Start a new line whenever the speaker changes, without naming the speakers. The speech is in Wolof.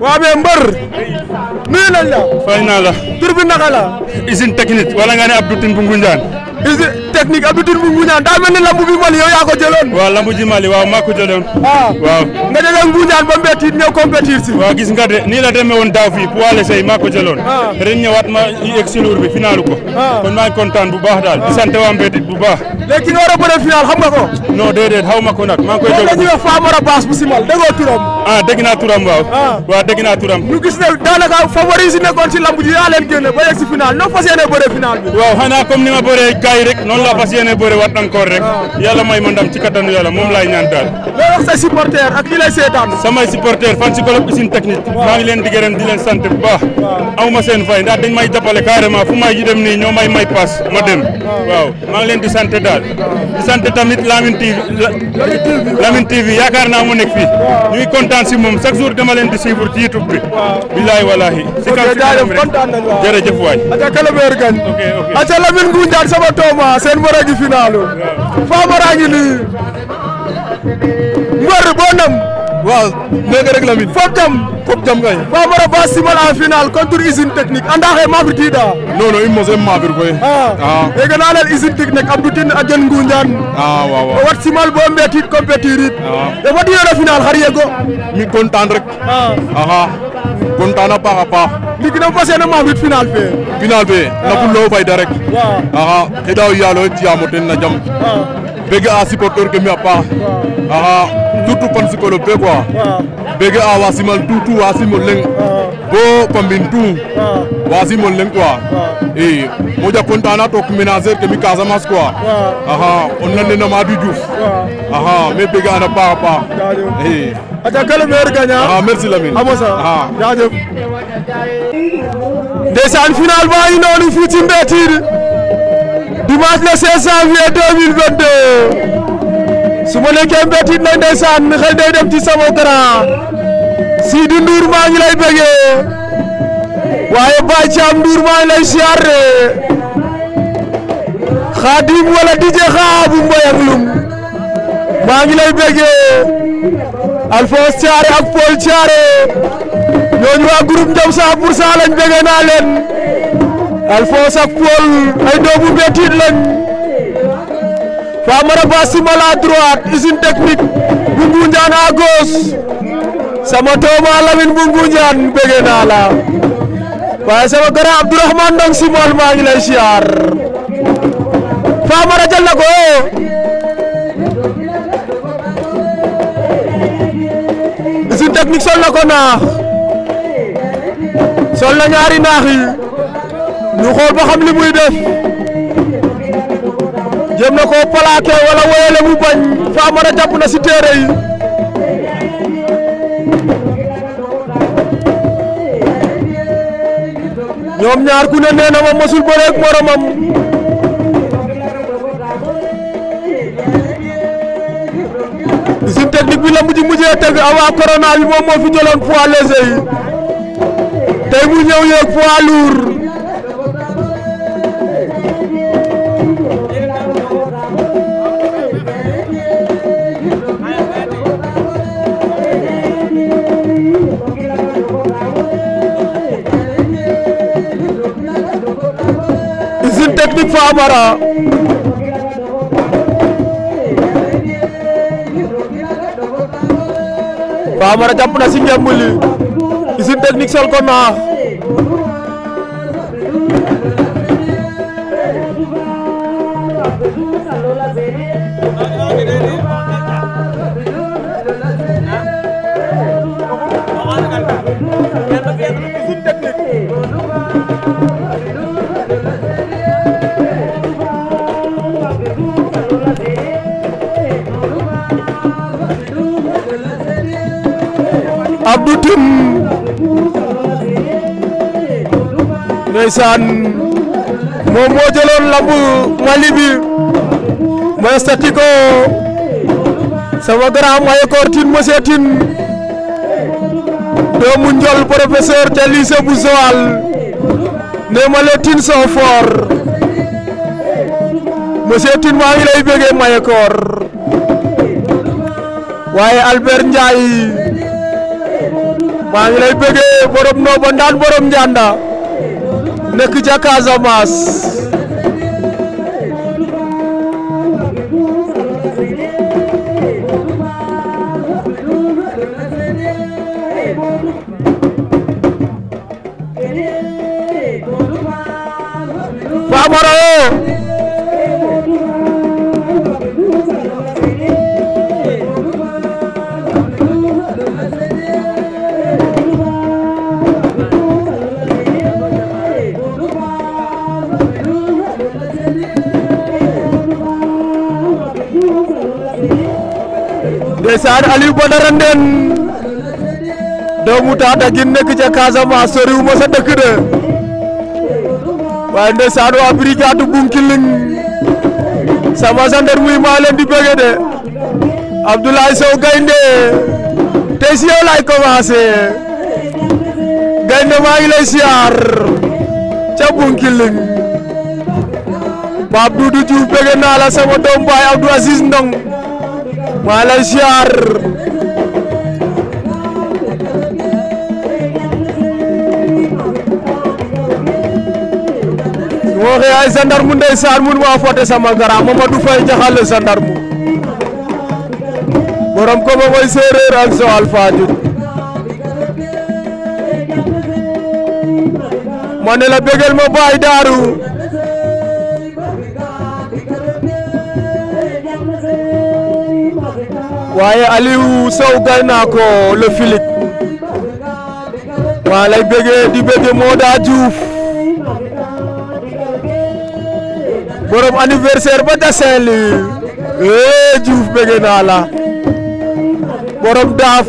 waa mais mbër. nuyu nañ la. fay la. tur bi naka la. usine technique wala nga ne Abdou Tine bu Ngunjaan. usine technique Abdou Tine bu Ngunjaan daa lambu bi Mali yow yaa jëloon. waaw lambu ji Mali waaw maa jëloon. ah nga jëlee Ngunjaan ba mbettit ñëw compétir si. gis nga de nii la demee woon daaw fii poids léger yi maa ko jëloon. Ah. ren ma ñu egg bi final ko. Ah. kon maa kontaan bu baax daal. di sant waa mbettit bu baa léegi ki nga war a ah dégg naa turam waaw. Ah. waaw dégg naa turam. ñu gis ne daanaka favori yi si nekkoon si lamb ji yaa leen génne ba yegg si final noo fas yéene bëree final bi. waaw xanaa comme ni ma bëree gars yi rek noonu laa fas yéene bëree waat encore rek. Ah. yàlla may ma ndam ci kattanu yàlla moom laay ñaan daal. loo wax say ak ñi seetaan. samay supporters fan si club usine technique. maa leen di gërëm di leen sant bu baax. aw ma seen fay ndax dañ may jàppale carrément fu may ji dem nii kontaan si moom chaque jour dama leen di suivre ci seen mbër a
faa mbër a ngi nii. waaw léegi rek Lamine. foofu jam foofu jam kay. Famara va simal en finale contre usine technique andaxe mabritida non non il mose mabir koy ah e gana lal usine technique Abdou Tine a jon ngunjan
ah waaw waaw
wat simal bo mbetit compétirit ah. e fadi yona finale xar yego
mi content rek ah. aha content paax a paax ndiki nam fas yéene mabrit finale fe finale fe ah. na ful lo fayda rek aha xeɗa o yaalo yit yaamo ten na jam bégg a supporteur ke mi a paax axa surtout fan sikolo pe quoi bégg a wasimal tuutu wasimol leŋ bo pambin tout wasimol leŋ quoi i eh, moƴa content na took ménagère ke mi Casamance quoi axa o nan nena Madou Diouf axa mais bégg an a paax eh. a paax i aca le meilleur gagnant axa ah, merci Lamine a mosa ah. jaajëf
ndeysaan final ba i noonu fii ci Mbetir dimanche le 16 janvier 2022 su ma nekkee mbetit nag ndeysaan xel day dem ci sama grand Sidi Ndour maa ngi lay bëggee waaye Baye Thiam Ndour maa lay siyaare Xaadim wala DJ Xaabu Mboy ak Lum maa ngi lay bëggee Alphonse Thiaré ak Paul Thiaré ñooñu waa groupe Ndiom 100 pour lañ bëggee naa leen. Alphonse Paul ay doobu Béthune lañ Famara Bassimal à droite Usine Technique bu Ngoundiane à gauche sama dooma Lamine bu Ngoundiane bëgg naa la waaye sama grand abdourahman Ndong Simal maa ngi lay siyaar Famara jël na ko eh. Usine Technique sol na ko naax sol na ñaari naax yi ñu xool li muy def jéem na koo plaqué wala wéyale mu bañ Famara jàpp na si téere yi ñoom ñaar ku ne ma mosul bëre moromam usine technique bi la mujj mujjee teg avant corona bi moom moo fi jëloon poids léger yi tey mu ñëw yeeg poids lourd. Faambara Faambara jàpp na si njambul yi sol ko Abdou Tine ndeysaan moom moo jëloon lambu Mali ma sati sama grand Mayakor Tine monsieur Tine doomu Ndiol professeur te lycée bu Joal ne ma le Tine sont forts monsieur maa ngi lay bëggee Mayakor waaye Albert Ndiaye maa ngi lay bëggee borom Ndooba Ndaan borom Njanda nekk ca Casamance Famara ndeysaan Aliou Badara Ndéne doomu Tataguine nekk ca Casamance soriw ma sa dëkk de waaye ndeysaan waa brigade Bunkiling sama gendarmerie maa leen di bëgge de Abdoulaye Sow gaynde tey si yow laay gaynde maa ngi siyaar ca Bunkiling Pape Doudou Diouf bëgge naa la sama doom baay Abdou Ndong maa lay siyaar su waxee ay gendarme ndeysaan mun waa foote sama gara Mamadou Faye jaxale gendarme borom ko ba mooy séeréer ak Joal Fadiouth ma ne la ma baay daaru waaye Aliou Sow gay ko le filik maa lay bëggee di bëggee Moda Diouf borom anniversaire ba ca Saint-Louis eh naa la borom daaf.